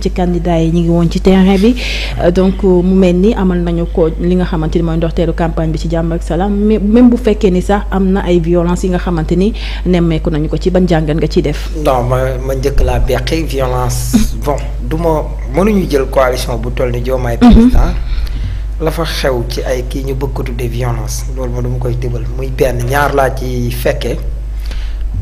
ci candidat yi ñu ngi woon ci terrain bi donc euh, mu mel ni amal nañu ko li nga xamante ni mooy ndorteelu campagne bi ci jàmm ak salaam mais bu fekkee ni sax am na ay violence yi nga xamante ni nemmeeku nañu ko ci ban jàngat nga ciy def. non ma njëkk laa beqi violence. bon du ma mënuñu jël coalition bu toll ni Diomaye mhm. président la fa xew ci ay kii ñu bëgg ko tuddee violence loolu ma du koy tëbal muy benn ñaar laa ci fekkee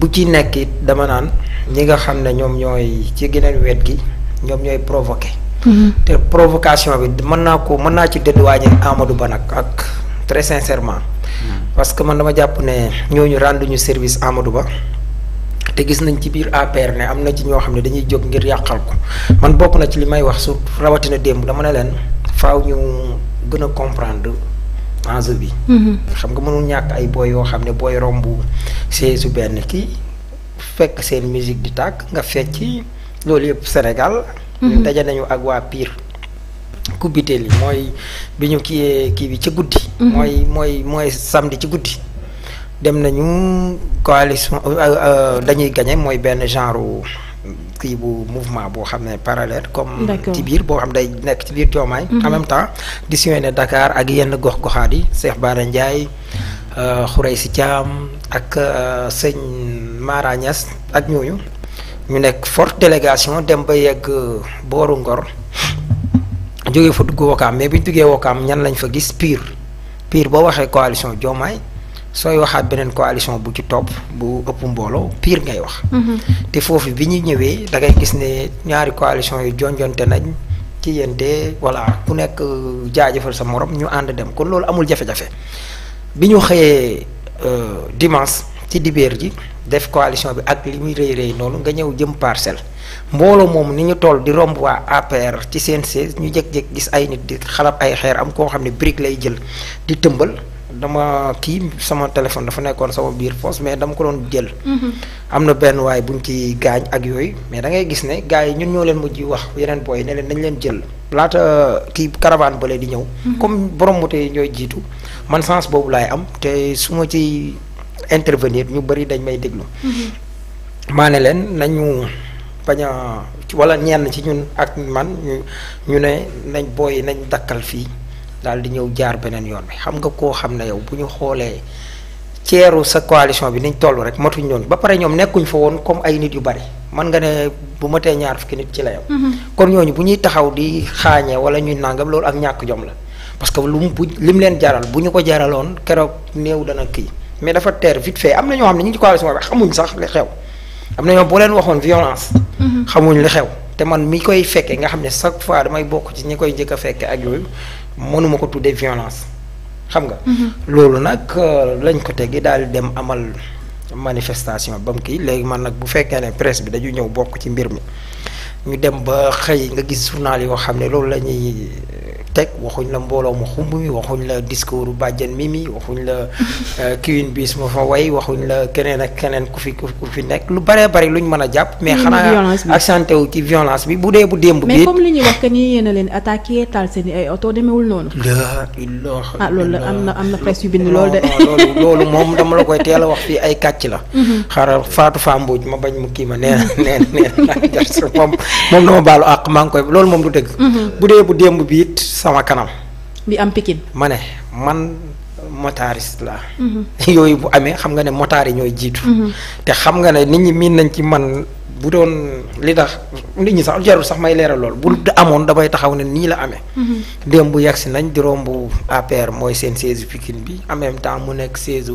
bu ci nekk dama naan ñi nga xam ne ñoom ñooy ci geneen gi. ñoom ñooy provoqué. Mm-hmm. te provocation bi mën naa ko mën naa ci dédouaner Amadou Ba nag ak très sincèrement. Mm-hmm. parce que man dama jàpp ne ñooñu rendu ñu service Amadou Ba. te gis nañ ci biir APR ne am na ci ñoo xam ne dañuy jóg ngir yàqal ko man bokk na ci li may wax su rawatina démb dama ne leen faw ñu gën a comprendre enjeu bi. Mm-hmm. xam nga mënul ñàkk ay booy yoo xam ne booy romb see su benn kii fekk seen musique di tàkk nga fecc. loolu yëpp Sénégal. Mhm. daje nañu ak waa Pire. kubbiteel yi mooy bi ñu kii kii bi ci guddi. Mhm. mooy mooy mooy ci guddi. dem nañu coalition euh, euh, euh, dañuy gagné mooy benn genre kii bu mouvement boo xam ne parallèle comme ci biir boo xam day nekk ci biir Diomaye mhm. en même temps di sillonné dakaar ak yenn gox goxaat yi Cheikh Bara Ndiaye si Thiam ak sëñ Mara ak ñooñu ñu nekk forte délégation dem ba yegg euh, booru Ngor jógee fa dugg Wakaam mais bi ñu duggee Wakaam ñan lañ fa gis pire pire boo waxee coalition Diomaye sooy waxaat beneen coalition bu ci topp bu ëpp mbooloo piir ngay wax. Mhm. te foofu bi ñu ñëwee da ngay gis ne ñaari coalition yu jonjonte nañ ci yente voilà ku nekk euh, jaajëfal sa morom ñu ànd dem kon loolu amul jafe-jafe bi ñu xëyee euh, dimanche. ci dibeer ji def coalition bi ak li muy rëy rëy noonu nga ñëw jëm parcelle mbooloo moom ni ñu toll di romb waa APR ci seen siège ñu jékki-jékki gis ay nit di xalab ay xeer am koo xam ne brique lay jël di tëmbal dama kii sama téléphone dafa nekkoon sama biir poche mais dama ko doon jël. Mm-hmm. am na benn waay buñ ci gaañ ak yooyu mais da ngay gis ne gars yi ñun ñoo leen mujj wax yeneen booy yi ne leen nañ leen jël. laata kii caravane bële di ñëw. Mm-hmm. comme borom moto yi ñooy jiitu man sens boobu laay am te su ma ci intervenir ñu bari dañ may déglu. Mm-hmm. maa ne leen nañu bañ a wala ñenn ci ñun ak man ñu ne nañ booy nañ dakkal fii daal di ñëw jaar beneen yoon bi xam nga koo xam ne yow bu ñu xoolee ceeru sa coalition bi niñ toll rek matuñ ñoon ba pare ñoom nekkuñ fa woon comme ay nit yu bari man nga ne bu matee ñaar fukki nit ci la yow. Mm-hmm. kon ñooñu bu ñuy taxaw di xaañee wala ñuy nangam loolu ak ñàkk jom la parce lu lim leen jaral bu ñu ko jaraloon keroog néew dana mais dafa teer vite fait am na ñoo xam ne ñu ngi ko coalition bi xamuñ sax li xew am na ñoo boo leen waxoon violence. Mhm. xamuñ lu xew te man mi koy fekkee nga xam ne chaque fois damay bokk ci ñi koy njëkk fekke fekkee ak yooyu mënuma ko tuddee violence xam nga. Mhm. loolu nag euh, lañ ko tegi daal di dem amal manifestation ba mu kii léegi man nag bu fekkee ne presse bi dañu ñëw bokk ci mbir mi ñu dem ba xëy nga gis journal yoo xam ne loolu la ñuy teg waxuñ la mbooloo mu xumb mi waxuñ la discours bàjjen mi mi waxuñ la kiwin euh, bis ma fa way waxuñ la keneen ak keneen ku fi ku fi nekk lu baree bari luñ mën a jàpp. mais xanaa accenté wu ci violence bi bu dee bu démb. bi mais comme li ñuy wax que ni yéen a leen attaqué taal seen i ah, na am na presse yu bind loolu de. loolu loolu moom dama la koy teel wax fii ay kàcc la. Mhm. xaaral Fatou Fambooj ma bañ mu kii ma nee na nee na nee na moom moom dama baalu àq maa ngi koy loolu moom du dëgg. Mhm. bu dee bu démb bi it sama kanam. bi am pikin. ma ne man motariste la mhm. yooyu bu amee xam nga ne motaar ñooy jiitu. Mhm. te xam nga ne nit ñi miin nañ ci man bu doon li tax nit ñi sax jarul sax may leera lool bu amoon damay taxaw ne nii la amee. Mhm. démb bu yegsi nañ di romb APR mooy seen siège Pikine bi en même temps mu nekk siège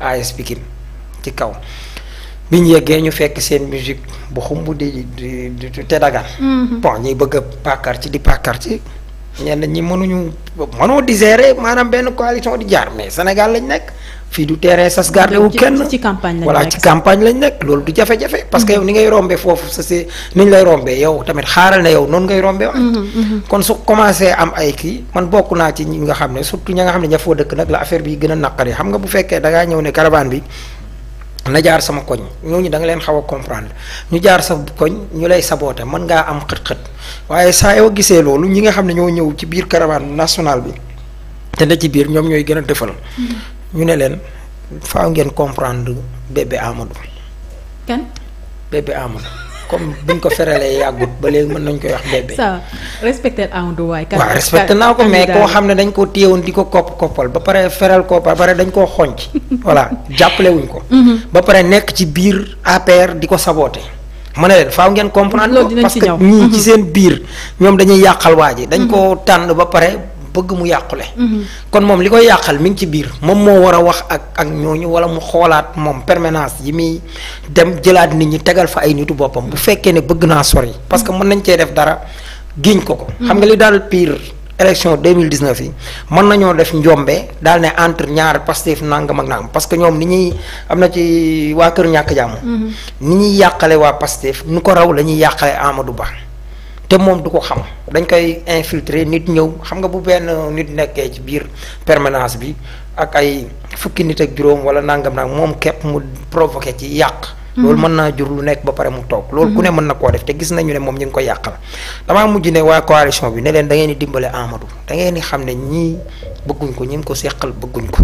AS Pikine ci kaw. bi ñu yeggee ñu fekk seen musique bu xumb di di di te dagan bon ñuy bëgg a ci di pàkkar ci. ñenn ñi mënuñu mënoo di gérer maanaam benn coalition di jaar mais Sénégal lañ nekk fii du terrain sas garde wu kenn ci campagne voilà ci campagne lañ nekk loolu du jafe-jafe parce que mm-hmm. yow ni ngay rombee foofu sa see ni ñu lay rombee yow tamit xaaral na yow noonu ngay rombee wax mm-hmm, mm-hmm. kon su commencé am ay kii man bokk naa ci ñi nga xam ne surtout ña nga xam ne ña foo dëkk nag la affaire bi gën a naqari xam nga bu fekkee da ngaa ñëw ne caravane bi na jaar sama koñ ñooñu danga leen xaw a comprendre ñu jaar sa koñ ñu lay saboote man ngaa am xët-xët waaye saa yoo gisee loolu ñi nga xam ne ñoo ñëw ci biir caravane nationale bi te ne ci biir ñoom ñooy gën a defal. Mm-hmm. ñu ne leen faaw ngeen comprendre bébé Amadou. kan bébé comme buñ ko feralee yàggut ba léegi mën nañ koy wax bébé. ça respecté waay. naa ko mais koo xam ne dañ koo téyewoon di ko kopp koppal ba pare feral ko ba pare dañ koo xonc voilà jàppale ko. Mhm. ba pare nekk ci biir APR di ko saboté. ma a leen faaw ngeen comprendre. parce que ñii ci mhm. seen biir ñoom dañuy yàqal waa ji. dañ mhm. koo tànn ba pare. bëgg mu yàqule mhm. kon moom li koy yàqal mi ngi ci biir moom moo war a wax ak ak ñooñu wala mu xoolaat moom permanence yi muy dem jëlaat nit ñi tegal fa ay nitu boppam bu fekkee ne bëgg naa sori parce que mën nañ cee def dara giñ ko ko mhm. xam nga li daal pire élection 2019 yi mën nañoo def njombe daal ne entre ñaar Pastef nangam ak nangam parce que ñoom ni ñuy am na ci waa kër ñàkk jàmm mhm. ni ñuy yàqale waa Pastef nu ko raw la ñuy yàqale Amadou Ba te moom du ko xam dañ koy infiltre nit ñëw xam nga bu benn nit nekkee ci biir permanence bi ak ay fukki nit ak juróom wala nangam nag moom képp mu provoqué ci yàq. Mhm. loolu mën naa jur lu nekk ba pare mu toog. Mhm. loolu ku ne mën na koo def te gis nañu ne moom ñu ngi ko yàqal. damaa mujj ne waa coalition bi ne leen da ngeen di dimbale Amadou da ngeen di xam ne ñii bëgguñ ko ñi ko seqal bëgguñ ko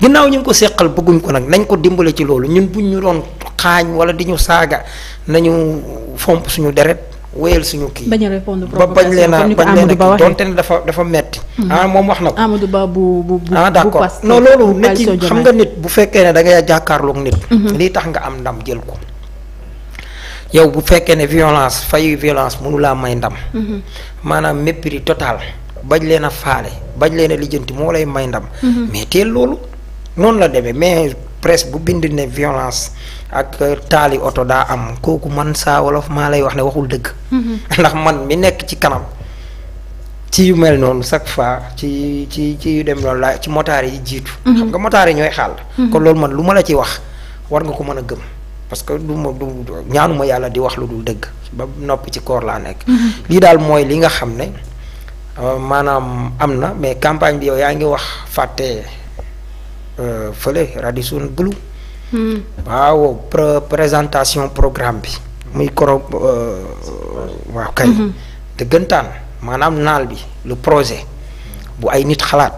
ginnaaw ñi ngi ko seqal bëgguñ ko nag nañ ko dimbale ci loolu ñun buñ ñu doon xaañ wala di ñu saaga nañu fomp suñu deret. wéyal suñu kii. bañ a répondre provocation bañ bañ leen a donte ne dafa dafa metti hmm. ah moom wax na ko. Ba bu bu bu ah d'accord non loolu nit xam nga nit bu fekkee ne da ngay nit. Hmm. lii tax nga am ndam jël ko. yow bu fekkee ne violence fay violence mënu may ndam. Hmm. maanaam mépris total bañ leen a faale bañ leen a lijjanti moo lay may ndam. mais teel loolu noonu la demee mais. presse bu bind ne violence ak taali oto daa am kooku man saa wolof maa lay wax ne waxul dëgg. Mhm. ndax man mi nekk ci kanam. ci yu mel noonu chaque fois ci ci ci yu dem loolu laa ci motaar yi jiitu. Mhm. xam nga motaar yi ñooy xaal. Mhm. kon loolu man lu ma la ci wax war nga ko mën a gëm. parce que du ma du ñaanuma yàlla di wax lu dul dëgg ba noppi ci koor laa nekk. lii daal mooy li nga xam ne euh, maanaam am na mais campagne bi yow yaa ngi wax fàtte. Euh, fële Radisson Blu. Hmm. waaw présentation programme bi. muy koro euh, waaw kay. Hmm. dëggantaan maanaam naal bi le projet bu ay nit xalaat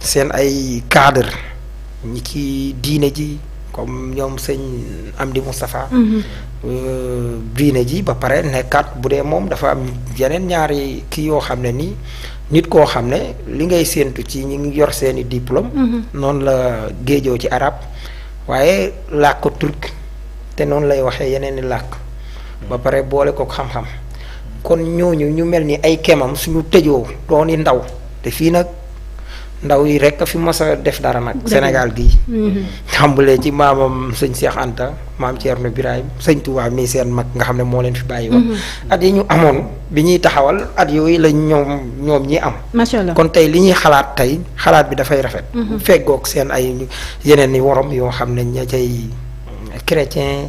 seen ay cadre ñi ki diine ji comme ñoom sëñ Amdi Moustapha hmm. euh, diine ji ba pare nekkaat bu dee moom dafa am yeneen ñaari kii yoo xam ne nii nit koo xam ne li ngay séentu ci ñi ngi yor seeni diplôme mhm. noonu la géejoo ci arab waaye làkk turc te noonu lay waxee yeneen i làkk ba pare boole ko xam-xam kon ñooñu ñu mel ni ay kemam suñu tëjoo dooni ndaw te fii nag ndaw yi rek fi mos def dara nag. Sénégal gii. Mhm. tàmbalee ci maamam sëñ Cheikh Anta maam Thierno Birahim sëñ Touba mii seen mag nga xam ne moo leen fi bàyyi woon. Mhm. at yi ñu amoon bi ñuy taxawal at yooyu la ñoom ñoom ñi am. macha allah kon li ñuy xalaat tey xalaat bi dafay rafet. Mhm. feggoog seen ay yeneen i worom yoo xam ne ña cay chrétien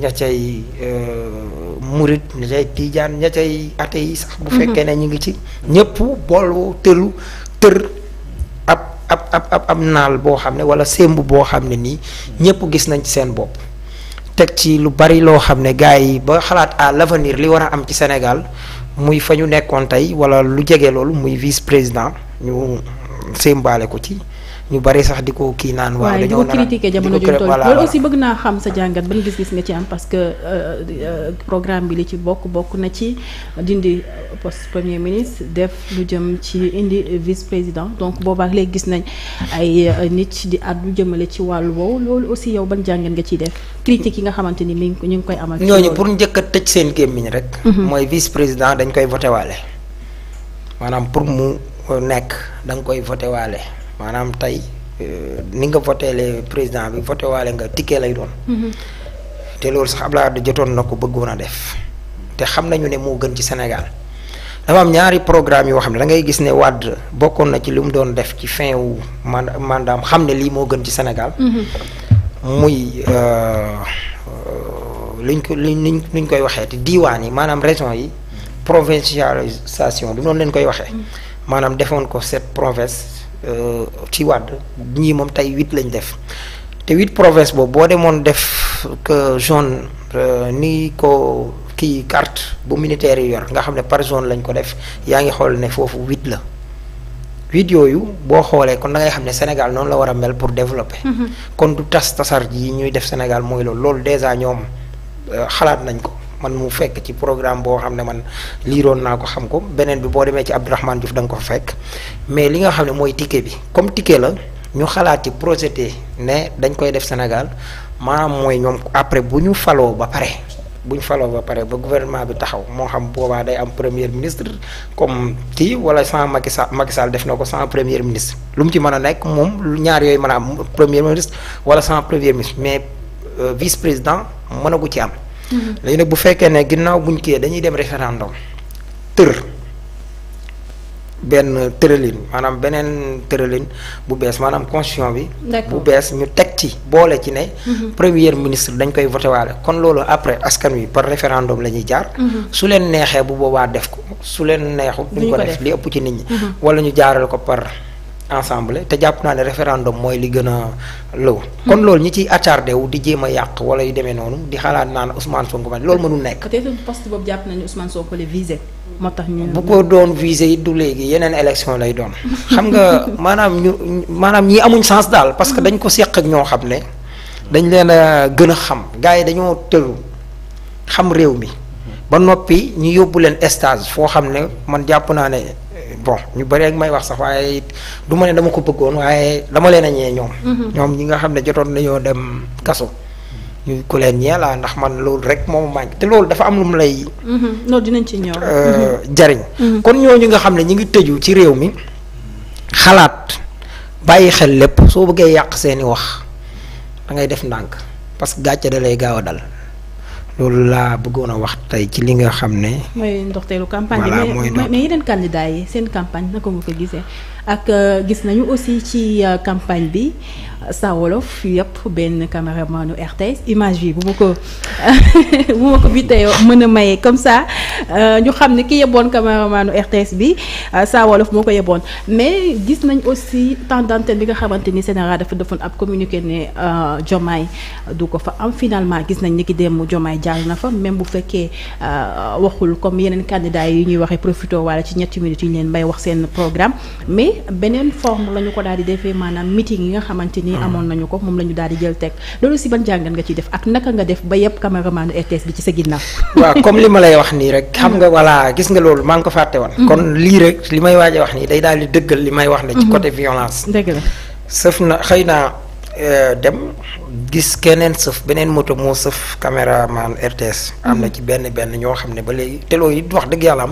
ña cay euh, murit ña cay tijaan ña cay athée yi sax. bu fekkee ne ñu ngi ci ñëpp boolu tëlu tër. ab ab ab ab naal boo xam ne wala sémb boo xam ne nii ñëpp gis nañ ci seen bopp teg ci lu bari loo xam ne gars yi ba xalaat à l'avenir li war a am ci Sénégal muy fa ñu nekkoon tey wala lu jege loolu muy vice président ñu sémbaale ko ci ñu bari sax di ko kii naan waaw dañoo nar a di jamono jooju loolu aussi bëgg naa xam sa jàngat ban gis-gis nga ci am parce que euh, euh, programme bi li ci bokk bokk na ci dindi poste premier ministre def lu jëm ci indi vice président donc boobaak léegi gis nañ ay euh, nit di àddu jëmale ci wàllu woowu loolu aussi yow ban jàngat nga ciy def critique yi nga xamante ni mi ngi ñu ngi koy amal. ñooñu pour njëkk a tëj seen gémmiñ rek. Mhm. mooy vice président dañ koy voté waale. maanaam pour mu nekk da nga koy voté waale. maanaam tey euh, ni nga voteele président bi voté nga ticket lay doon. Mhm. te loolu sax Abdoulaye Wade jotoon na ko bëggoon a def. te xam nañu ne moo gën ci Sénégal dafa am ñaari programme yoo xam ne da ngay gis ne Wade bokkoon na ci li mu doon def ci fin wu mandat mandaam xam ne lii moo gën ci Sénégal. Mhm. muy euh, euh, luñ ko luñ luñ koy waxee te diwaan yi maanaam région yi. provincialisation bi noonu leen koy waxee. Mhm. maanaam defoon ko cette province. Euh, ci wàdd ñii moom tey huit lañ def te huit province boobu boo demoon def que zone euh, ni ko kii carte bu militaire yi yor nga xam ne par zone lañ ko def yaa ngi xool ne foofu huit la huit yooyu boo xoolee kon da ngay xam ne Sénégal noonu la war a mel pour développer. Mm-hmm. kon du tas tasar yi ñuy def Sénégal mooy loolu loolu ñoom euh, xalaat nañ ko. man mu fekk ci programme boo xam ne man liiroon naa ko xam ko beneen bi boo demee ci Abdourahmane Diouf da nga ko fa fekk mais li nga xam ne mooy ticket bi comme ticket la ñu xalaat ci projeté ne dañ koy def Sénégal maanaam mooy ñoom après bu ñu faloo ba pare bu ñu faloo ba pare ba gouvernement bi taxaw moo xam boobaa day am premier ministre comme kii wala sans Macky Sall Macky Sall def na ko sans premier ministre lu mu ci mën a nekk moom ñaar yooyu mën a am premier ministre wala sans premier mais euh, vice président mënagu ci am. léegi nag bu fekkee ne ginnaaw buñ kiyee dañuy dem référendum tër benn tëralin maanaam beneen tëralin bu bees maanaam constitution bi. bu bees ñu teg ci boole ci ne. Mhm. premier ministre dañ koy voté waale kon loolu après askan wi par référendum la ñuy jaar. Mhm. su leen neexee bu boobaa def ko su leen neexu duñ ko def li ëpp ci nit ñi. Mhm. wala ñu jaarale ko par. ensemble te jàpp naa ne référendum mooy li gën a lëw kon loolu ñi ciy attardé wu di jéem a yàq wala yu demee noonu di xalaat naan Ousmane Sonko man loolu mënul nekk. peut-être poste boobu jàpp nañu Ousmane Sonko la tax ñu bu ko doon visé it du léegi yeneen élection lay doon. xam nga maanaam ñu maanaam ñii amuñ sens daal parce que dañ ko seq ak ñoo xam ne dañ leen a gën a xam gars yi dañoo tëru xam réew mi ba noppi ñu yóbbu leen stage foo xam ne man jàpp naa ne. bon ñu bëri ak may wax sax waaye du ma ne dama ko bëggoon waaye dama leen a ñee ñoom. Mhm. ñoom ñi nga xam ne jotoon nañoo dem kaso. ñu ko leen ñee laa ndax man loolu rek moom mànk te loolu dafa am lu mu lay. Mhm. dinañ ci ñëw. Euh, mhm. jariñ. kon ñooñu nga xam ne ñi ngi tëju ci réew mi xalaat bàyyi xel lépp soo bëggee yàq seeni wax da ngay def ndànk parce que gàcce da lay gaaw a dal. loolu laa bëggoon a wax tey ci li nga xam ne. mooy ndoxteelu campagne bi. voilà mooy mais yeneen candidats yi seen campagne ko nga ko gisee. ak euh, gis nañu aussi ci euh, campagne bi sa wolof yëpp benn caméramanu RTS image bi bu ma ko bu ma ko bitee mën a maye comme ça euh, ñu xam ne ki yeboon caméramanu RTS bi sa wolof moo ko yeboon mais gis nañ aussi temps d'antenne bi nga xamante ni Sénégal dafa defoon ab communiqué ne Jomaay du ko fa am finalement gis nañ ni ki dem Jomaay jàll na fa même bu fekkee waxul comme yeneen candidats yi ñuy waxee profito wala ci ñetti minutes yi ñu leen bay wax seen programme mais beneen forme la ñu ko daal di defee maanaam meeting yi nga xamante ni ah. amoon nañu ko moom la ñu daal di jël teg loolu si ban jàngat nga ciy def ak naka nga def ba yëpp caméraman RTS bi ci sa ginnaaw waaw comme li ma lay wax nii rek xam mm. nga voilà gis nga loolu maa ngi ko fàtte woon mm. kon lii rek li may waaja wax nii day daal di dëggal li may wax ne ci mm-hmm. côté violence dëgg la sëf na xëy naa euh, dem gis keneen sëf beneen moto moo sëf caméraman RTS am na mm-hmm. ci benn benn ñoo xam ne ba léegi te loolu it wax dëgg yàlla